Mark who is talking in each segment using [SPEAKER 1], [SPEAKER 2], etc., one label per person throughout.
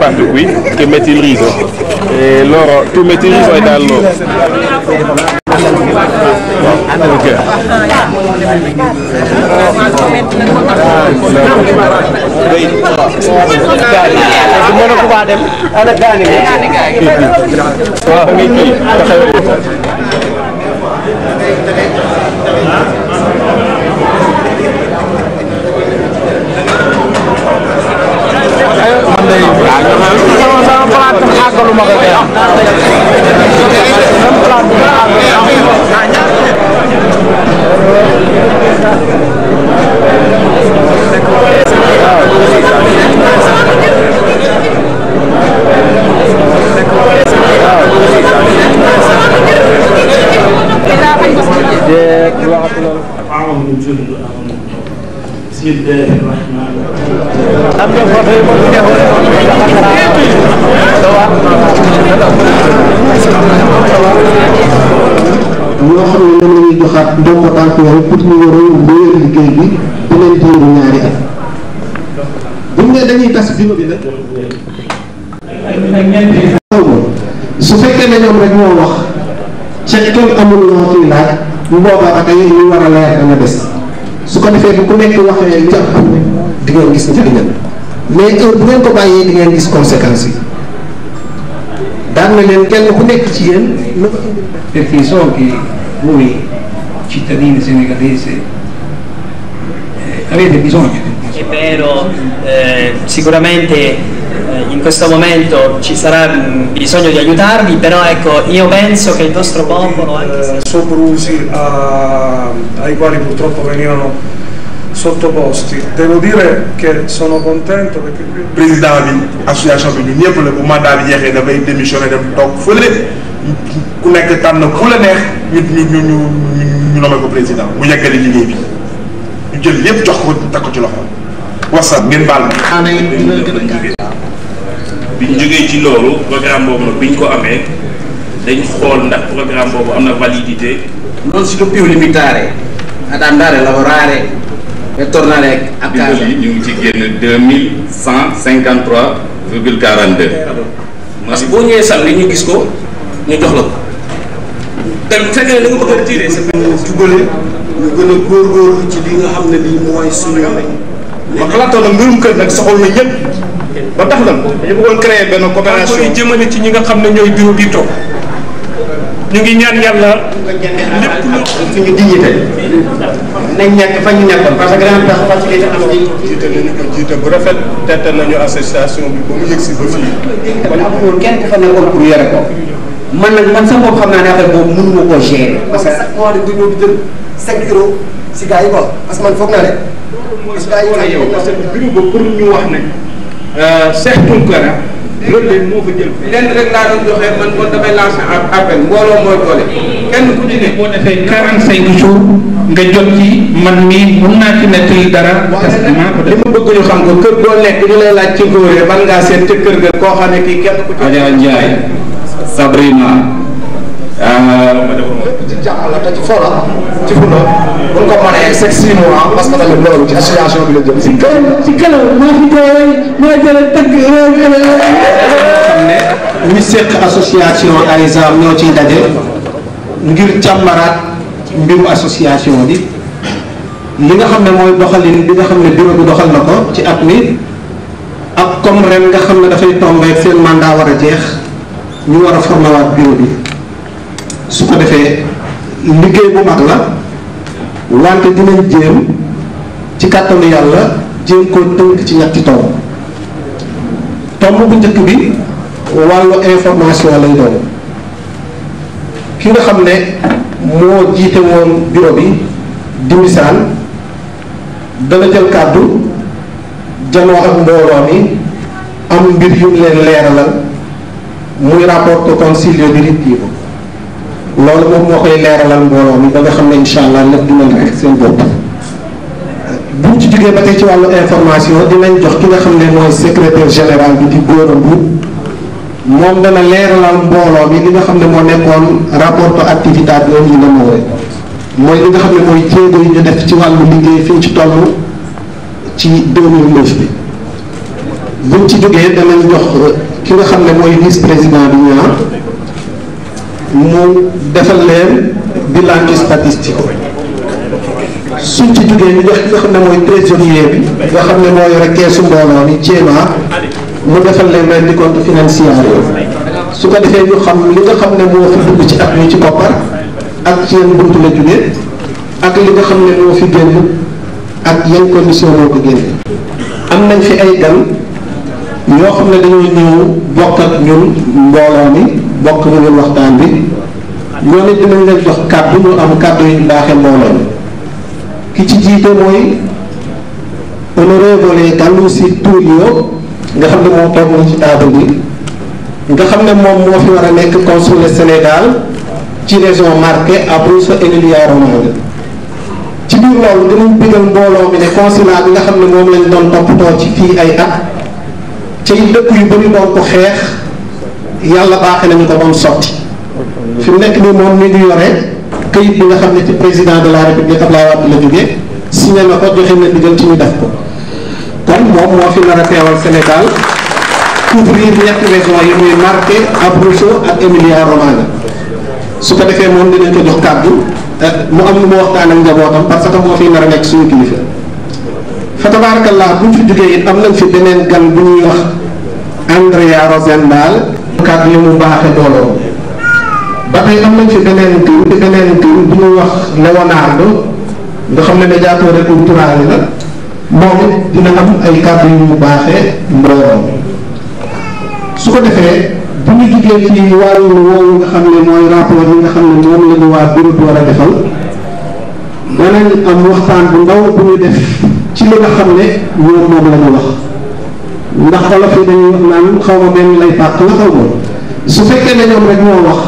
[SPEAKER 1] parte qui che metti il riso e loro tu metti il riso e dai loro Semua aku ada anak gani. Anak gani. sama m a t i a lu m a e l a t aku a n a Thank you. ñoo xam ne ñoom lañuy joxaat ndombo tànk yooyu ñu war a mbéyal liggéey bi ba leen diiru ñaari at buñ ne dañuy tas bima bi nag su fekkee ne ñoom rek ñoo wax amul laaj bu ñu leer su ko bu ku nekk di ngeen gis njëriñam mais heure bu ngeen ko bàyyee di ngeen gis conséquences daan na leen kenn ku perché so che voi cittadini senegalesi eh, avete bisogno di È vero, eh, sicuramente eh, in questo momento ci sarà mm, bisogno di aiutarvi, però ecco, io penso che il nostro popolo... Anche se... Eh, Soprusi a, ah, ai quali purtroppo venivano sottoposti. Devo dire che sono contento perché... Président bi association bi ñu ñëpp la bu mandat bi jeexee dafay démissionné dem toog fële ku nekk tànn ku la neex ñu ñu ñu ñu ñu nommé ko président mu yeggali liggéey bi ñu jël lépp jox ko takk ko ci loxo wasal ngeen baal ma. bi ñu jógee ci loolu programme boobu nag bi non si può più limitare ad andare a lavorare retourna rek ak ndimbal yi 2153 virgule 42 parce que boo ñëwee samedi ñu gis ko ñu jox la ko te fekkee da nga bëgg a retiré sa benn jubale ñu gën a góorgóorlu ci li nga xam ne lii mooy suñu ma xalaatoon nag mbirum kër nag soxal na ñu ngi ñaan yàlla lépp lu suñu dignité nañ ñàkk fa ñu ñàkkoon parce que dana tax facilité am ji jiite nañu ko jiite bu rafet tette nañu association bi ba mu yëg si ba fii kon amul kenn ku fa nekkoon pour yore ko man nag man sa bopp xam naa ne affaire boobu mënu ma koo gérer parce que chaque mois rek dañoo di jël cinq euros si gars yi quoi parce que man foog naa ne parce que yow parce que bureau ba pour ñu wax ne euh, Cheikh Tounkara loolu leen moo fa jël lenn rek laa doon joxe man kon damay lancer appel mbooloo mooy doole kenn ku ci ne boo defee quarante cinq jours nga jot ci man mii mun naa ci nettali dara maa ko def li ma bëgg ñu xam ko kër goo nekk ñu lay laaj ci góore ban ngaa seet ca kër ga koo xam ne kii kenn ku ci Adja Ndiaye Sabrina ci jàmm la te ci foola ko mënee sec six mois parce que tamit ci euh, association bi la jëm si kanam ci kanam maa xam ne ñu seq association ARESA ñoo ciy daje ngir càmbaraat mbiru association bi li nga xam ne mooy doxalin bi nga xam ne bureau bi doxal na ko ci at mi ak comme ren nga xam ne dafay tombé seen mandat war a jeex ñu war a formewaat bureau bi su ko defee liggéey bu mag la wante dinañ jéem ci kàttanu yàlla jéem koo tënk ci ñetti tomb tomb bu njëkk bi wàllu information lay doon ki nga xam ne moo jiite woon bureau bi di dana jël kàddu janoo ak mbooloo mi am mbir yu leen leeralal muy rapport conciliaire di loolu moom moo koy leeralal mbooloo mi ba nga xam ne incha allah lépp dinañ rek seen bopp buñ ci jógee ba tey ci wàllu information dinañ jox ki nga xam ne mooy secrétaire général bi di Gora Mboup moom dana leeralal mbooloo mi li nga xam ne moo nekkoon rapport activité ak ñu li nga xam ne mooy def ci wàllu liggéey fii ci toll ci 2009 buñ ci jógee danañ jox ki nga xam ne mooy vice bi ñu mu defal leen bilan statistique suñ ci jógee ni nga xam ne mooy trésorier bi nga xam ne moo yore keesu mbooloo ni Thiéma mu defal leen leen di compte financier yooyu su ko defee ñu xam li nga xam ne moo fi dugg ci at mi ci koppar ak ci yan bunt la jógee ak li nga xam ne moo fi génn ak yan condition moo ko génn am nañ fi ay gan ñoo xam ne dañuy ñëw bokk ak ñun mbooloo mi bokk ak ñun waxtaan bi ñoo ne dinañ jox kàddu ñu am kàddu yu baaxee mbooloo mi ki ci jiite mooy honorable Galloosi Tullio nga xam ne moom toog na ci table bi nga xam ne moom moo fi war a nekk consul Sénégal ci région marquée à Abruzzo et Emilia-Romagna ci biir loolu dinañ bëggal mbooloo mi ne consulat bi nga xam ne moom lañ doon toppatoo ci fii ay at ci dëkk yu bëri doon ko xeex yàlla baaxe nañu ko moom sotti fi mu nekk nii moom mi ngi yore këyit bi nga xam ne ci président de la république Abdoulaye Wade la jógee signé na ko joxe na digal ci ñu def ko kon moom moo fi nar a teewal Sénégal couvrir ñetti régions yi muy Marche Abruzzo ak Emilia Romagna su ko defee moom dinañ ko jox kàddu eh, mu am lu mu waxtaan ak njabootam parce que moo fi nar a nekk suñu kilifa. fa tabaarakallaa bu fi jógee it am nañ fi beneen gan bu ñuy wax Andrea Rosendaal kat li mu baaxe booloo ba tey am nañ fi beneen tur bu ñuy wax Leonardo nga xam ne médiateur culturel la moom it dina am ay kàddu yu mu baaxee mbooloo su ko defee bu ñu jugee ci wàllu woowu nga xam ne mooy rapport yi nga xam ne moom la ñu waa bureau bi war a defal danañ am waxtaan bu ndaw bu ñu def ci li nga xam ne ñoom moom la ñu wax ndax olof yi dañuy wax naan xaw ma benn lay pàq la xaw ma su fekkee ne ñoom rek moo wax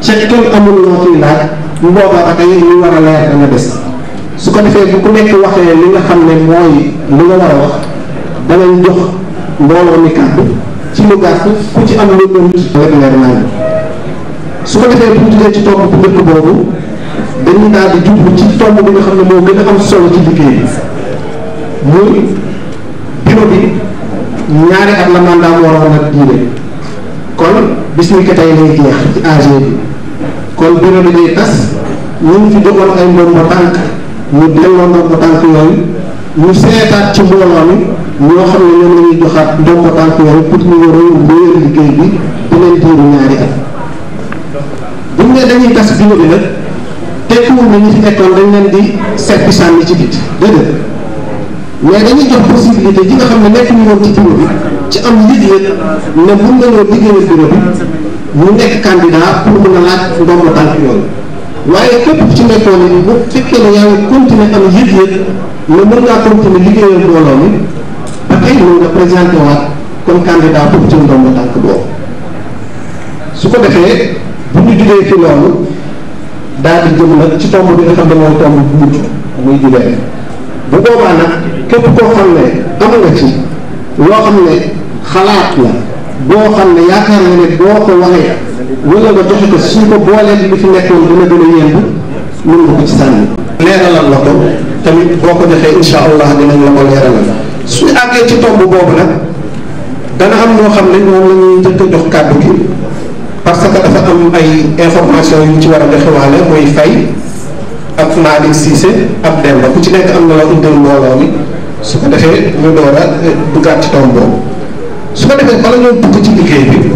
[SPEAKER 1] ca kenn amul loo ciy laaj bu ak ay ñu war a leer dana des su ko defee bu ku nekk waxee li nga xam ne mooy li nga war a wax danañ jox mbooloo mi kàddu ci lu gàtt ku ci am lu gën rek leer su ko defee bu ñu tuddee ci tomb bu njëkk boobu dañu daal di jublu ci tomb bi nga xam ne moo gën a am solo ci liggéey bi muy bureau bi ñaari at la mandat waroon a diire kon bis ni ko tey lay jeex ci AG bi kon bureau bi day tas ñu ngi fi joxoon ay ndombo tànk ñu delloo ndombo tànk yooyu ñu seetaat ci mbooloo mi ñoo xam ne ñoom la joxaat ndombo tànk yooyu pour ñu waroon wéyal liggéey bi beneen diiru ñaari at buñ dañuy tas bureau bi nag tekkiwul na ñu fi nekkoon dañ leen di seppi sànni ci bit déedéet mais dañuy jox possibilité ñi nga xam ne nekk nañoo ci bureau bi ci am liggéey ne mun nañoo liggéeyal bureau bi mu nekk candidat pour mun a laaj ndombo tànk yooyu waaye képp ci nekkoon ni bu fekkee ne yaa ngi continuer am yëg-yëg ne mën ngaa continuer liggéeyal mbooloo mi ba tey mën nga présenté waat comme candidat pour ci ndombo tànk boobu su ko defee bu ñu jugee fi loolu daal di jëm nag ci tomb bi nga xam ne tomb bu mujj muy jugee. bu boobaa nag képp koo xam ne am ci loo xam ne xalaat la boo xam ne yaakaar nga ne boo ko waxee wala nga joxe ko suñ ko boolee li fi nekkoon dina gën a yemb mën na ko ci sànni. leeralal la ko tamit boo ko joxee incha allah dinañ la ko leeralal suñu àggee ci tomb boobu nag dana am ñoo xam ne ñoom la ñuy jox kàddu gi parce que dafa am ay information yu ci war a joxewaale muy fay. Malick Cissé ab dem ba ku ci nekk am na loo indil mbooloo mi su ko defee ñu door a eh, ci tomb su ko defee bala ñoo dugg ci liggéey bi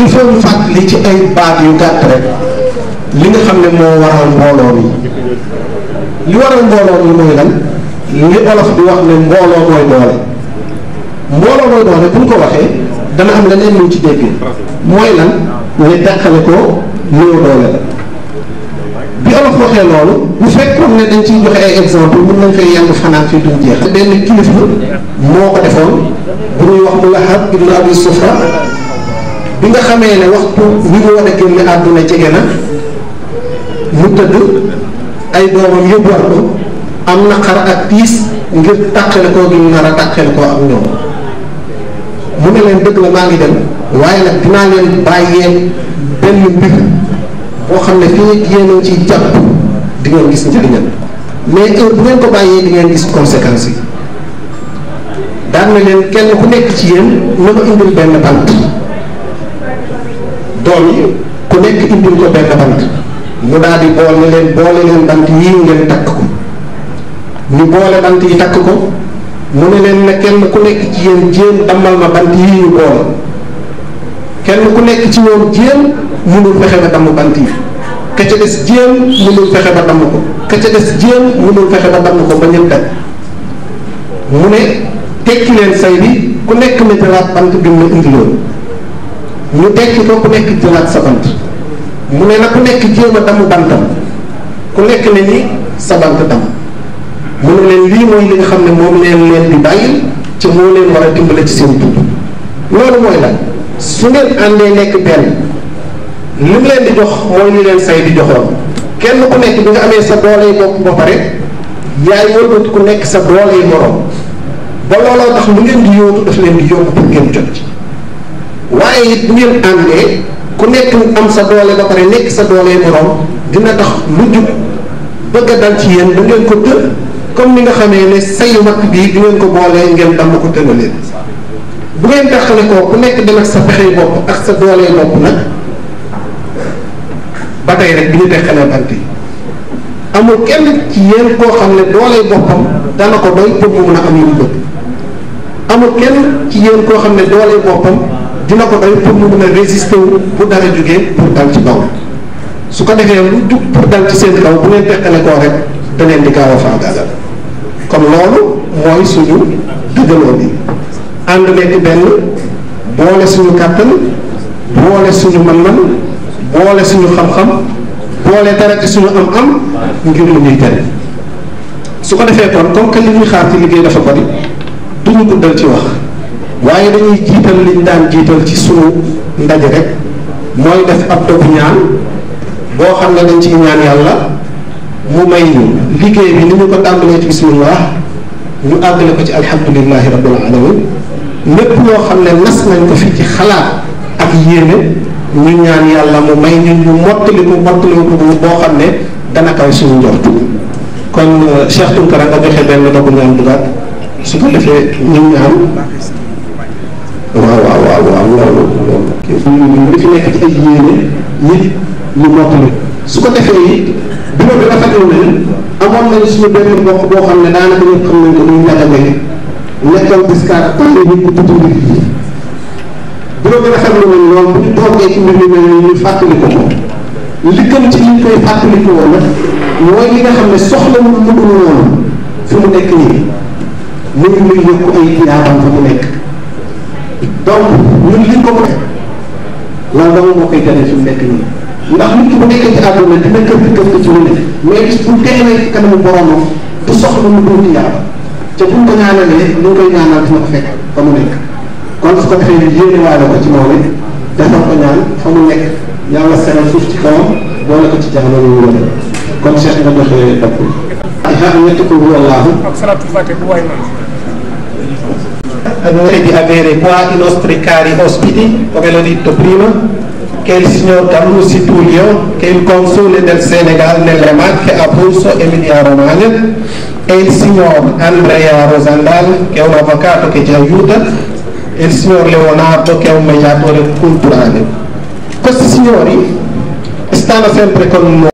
[SPEAKER 1] il faut ñu ci ay baat yu gàtt rek li nga xam ne moo waral mbooloo mi li waral mbooloo mi mooy lan li olof di wax ne mbooloo mooy doole mbooloo mooy doole bu ñu ko waxee dana am leneen luñ ci dégg mooy lan ñu teqale ko néew doole la. bi olof waxee loolu bu fekkoon ne dañ ciy joxe ay exemple mën nañ fay yàng fanaan fii duñ jeex benn kilifa moo ko defoon bu ñuy wax mu Lahab ibnu Abi Sufra bi nga xamee ne waxtu bi mu war a génn àdduna jege na mu tëdd ay doomam yóbbuwaat ko am na xar ak tiis ngir tàqale koo gi nar a tàqale koo ak ñoom mu ne leen dëgg la maa ngi dem waaye nag dinaa leen bàyyee benn mbir boo xam ne fii yéen ci jàpp di ngeen gis njëriñam mais heure bu ngeen ko bàyyee di ngeen gis conséquences yi daan na leen kenn ku nekk ci yéen na ma indil benn bant doom yi ku nekk indil ko benn bant mu daal di boole leen boole leen bant yii ngeen takk ko ñu boole bant yi takk ko mu ne leen na kenn ku nekk ci yéen jéem dammal ma bant yii ñu boole. kenn ku nekk ci ñoom jéem mënul fexe ba damm bant yi ka ca des jéem mënul fexe ba damm ko ka ca des jéem mënul fexe ba damm ko ba ñëpp daj mu ne tekki leen say bi ku nekk na jëlaat bant bi mu ne indi loolu ñu tekki ko ku nekk jëlaat sa bant mu ne na ku nekk jéem a damm bantam ku nekk ne ni sa bant damm mu ne leen lii mooy li nga xam ne moom leen leen di bàyyil ci moo leen war a dimbale ci seen dund loolu mooy lan su ngeen àndee nekk benn li mu leen di jox mooy ñu leen say di joxoon kenn ku nekk bi nga amee sa doole bopp ba pare yaay wëlbati ku nekk sa doole morom ba looloo tax lu ngeen di yóotu daf leen di yóbbu pour ngeen jot ci waaye it bu ngeen nekk am sa doole ba nekk sa doole morom dina tax lu bëgg a dal ci yéen da ngeen ko dë comme ni nga xamee ne sayu mag bii di ngeen ko boolee ngeen damm ko tënaleen bu ngeen taxale koo ku nekk dem sa pexey bopp ak sa doolee bopp nag ba tey rek bi ñu taxalee bant yi amul kenn ci yéen koo xam ne doolee boppam dana ko doy pour mu mun a am lu mu bëgg amul kenn ci yéen koo xam ne doolee boppam dina ko doy pour mu mun a résister wu bu dara jógee pour dal ci kaw su ko defee lu jug pour dal ci seen kaw bu ngeen taxale koo rek da leen di gaaw a faagaagal kon loolu mooy suñu dëggaloo bi ànd nekk benn boole suñu kàttan boole suñu man-man boole suñu xam-xam boole dara ci suñu am-am ngir mu ñuy tere su ko defee kon comme que li ñuy xaar ci liggéey dafa bari duñu guddal ci wax waaye dañuy jiital liñ daan jiital ci suñu ndaje rek mooy def ab dogu ñaan boo xam ne dañ ci ñaan yàlla mu may ñu liggéey bi ni ñu ko tàmbalee ci bismillah ñu àggale ko ci alhamdulillahi rabbil alamin lépp loo xam ne nas nañ ko fi ci xalaat ak yéene ñu ñaan yàlla mu may ñu ñu mottali ko boo xam ne dana kaw suñu njortu kon euh, Cheikh Tunkara nga joxe benn dogu ñaan dugaat su ko defee ñu ñaan waaw waaw waaw waaw loolu ko defee it bureau bi amoon nañ suñu benn boo xam ne daanaka ñëpp xam nañ ko muy ñàkk a nekkal Descartes tànn nit ku tudd nit ñi la gën a xam ne moom loolu bu ñu ci ko moom li gën ci ñu soxla mu mu nekk nii mu ngi muy yokk ay jiraabam fa mu nekk donc ñun liñ ko mën loolu dama moo koy gane fi mu nekk nii ndax nit ki bu nekkee ci àdduna dina këf këf ci lu ne mais bu teewee ci kanamu boromam du soxla mu dul jiraabam te buñ ko ñaanalee ñu koy ñaanal dina ko fekk fa mu nekk kon su ko defee yéene waale ko ci moom it defal ko ñaan fa mu nekk yàlla seral suuf ci kawam boole ko ci jamono yu wóor kon Cheikh nga joxe dàpp yaa ñetti ko hu Allahu ak salatul fate bu waay man di avere qua i nostri cari ospiti, come l'ho detto prima, che il signor Carlusi Puglio, che è il console del Senegal nelle Marche, Abruzzo e Emilia Romagna, e il signor Andrea Rosandal, che è un avvocato che ci aiuta, e il signor Leonardo, che è un mediatore culturale. Questi signori stanno sempre con noi.